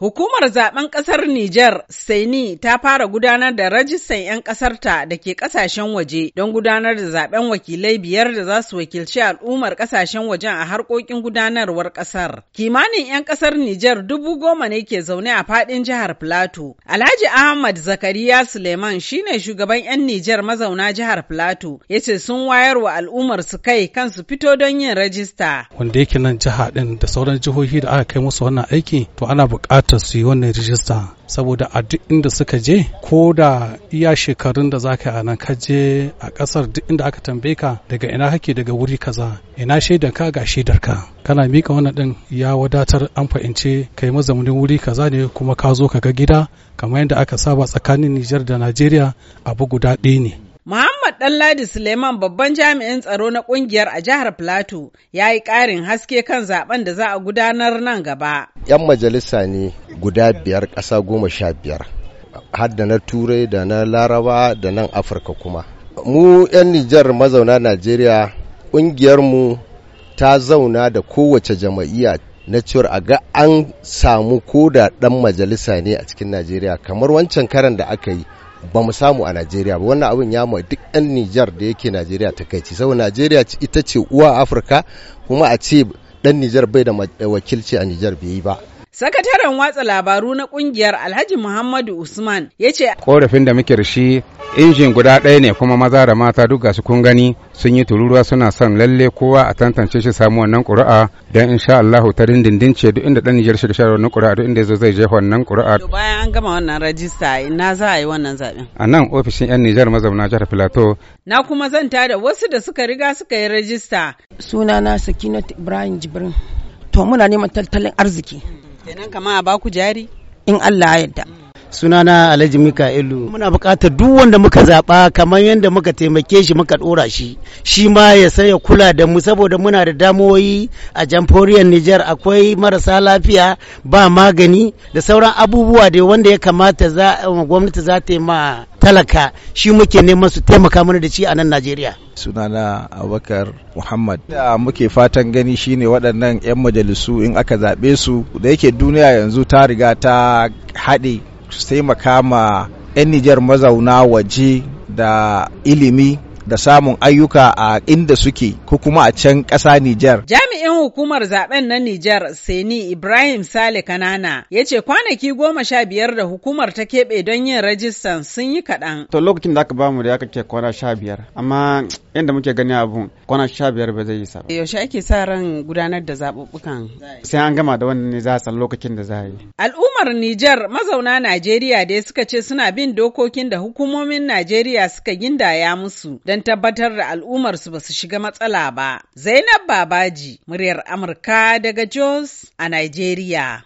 Hukumar zaben kasar Nijar, Saini ta fara gudanar da rajistan 'yan kasarta da ke kasashen waje don gudanar da zaben wakilai biyar da za su wakilci al'ummar kasashen wajen a harkokin gudanarwar kasar. Kimanin 'yan kasar Nijar dubu goma ne ke zaune a fadin jihar Filato. Alhaji Ahmad Zakariya Suleiman shine shugaban 'yan Nijar mazauna jihar Filato, ya ce sun wayar wa al'ummar su kai kan su fito don yin rajista. Wanda yake nan jiha ɗin da sauran jihohi da aka kai musu wannan aiki, to ana buƙatar kamata su yi wannan rijista saboda a duk inda suka je ko da iya shekarun da zaka a nan ka je a kasar duk inda aka tambaye ka daga ina kake daga wuri kaza ina shaidar ka ga shaidar ka kana mika wannan din ya wadatar an fahimce kai mazaunin wuri kaza ne kuma ka zo ka ga gida kamar yadda aka saba tsakanin Nijar da Najeriya abu guda ɗaya ne Muhammad Ɗanladi Suleiman babban jami'in tsaro na ƙungiyar a jihar Plateau ya yi ƙarin haske kan zaben da za a gudanar nan gaba. 'Yan majalisa ne guda biyar ƙasa goma sha biyar, har na Turai da na Laraba da nan Afirka kuma. Mu 'yan Nijar mazauna Najeriya mu ta zauna da kowace jama'iyya na cewar a ga an samu ko da ɗan majalisa ne a cikin Najeriya kamar wancan karan da aka yi ba mu samu a Najeriya ba wannan abin ya duk 'yan Nijar da yake Najeriya ta kai saboda Najeriya ita ce uwa Afirka kuma a ce dan Nijar bai da wakilci a Nijar bai yi ba Sakataren watsa labaru na kungiyar Alhaji Muhammadu Usman ya ce korafin da muke rishi, injin guda ɗaya ne kuma maza da mata duk gasu kun gani sun yi tururuwa suna son lalle kowa a tantance shi samu wannan ƙuri'a don sha Allah ta dindindin ce duk inda ɗan Nijar shi da wannan ƙuri'a duk inda zai je wannan ƙuri'a. Bayan an gama wannan rajista ina za a yi wannan zaɓen. A nan ofishin 'yan Nijar mazauna jihar Filato. Na kuma zan da wasu da suka riga suka yi rajista. Sunana Sakinat Ibrahim Jibrin. To muna neman tattalin arziki. kenan kama a baku jari in Allah ya yarda sunana alhaji mika'ilu muna buƙatar duk wanda muka zaɓa kamar yadda muka taimake shi muka ɗora shi shi ma ya saya ya kula da mu saboda muna da damuwoyi a jamhuriyar nijar akwai marasa lafiya ba magani da sauran abubuwa da wanda ya kamata gwamnati za ta yi ma talaka shi muke neman su taimaka mana da shi a nan najeriya sunana abubakar muhammad da muke fatan gani shine waɗannan 'yan majalisu in aka zaɓe su da yake duniya yanzu ta riga ta haɗe su taimaka ma 'yan Nijar mazauna waje da ilimi da samun ayyuka a inda suke ko kuma a can ƙasa Nijar. Jami'in hukumar zaben na Nijar Seni Ibrahim Sale Kanana ya ce kwanaki goma sha biyar da hukumar ta keɓe don yin rajistan sun yi kaɗan. To lokacin da aka bamu da aka ke kwana sha biyar amma yadda muke gani abun kwana sha biyar ba zai yi sa. Yaushe ake sa ran gudanar da zaɓuɓɓukan? Sai an gama da wannan ne za a san lokacin da za a yi. Al'ummar Nijar mazauna Najeriya dai suka ce suna bin dokokin da hukumomin Najeriya suka gindaya musu. don tabbatar da al'ummarsu ba su shiga matsala ba. Zainab Babaji, muryar Amurka daga Jos a Nigeria.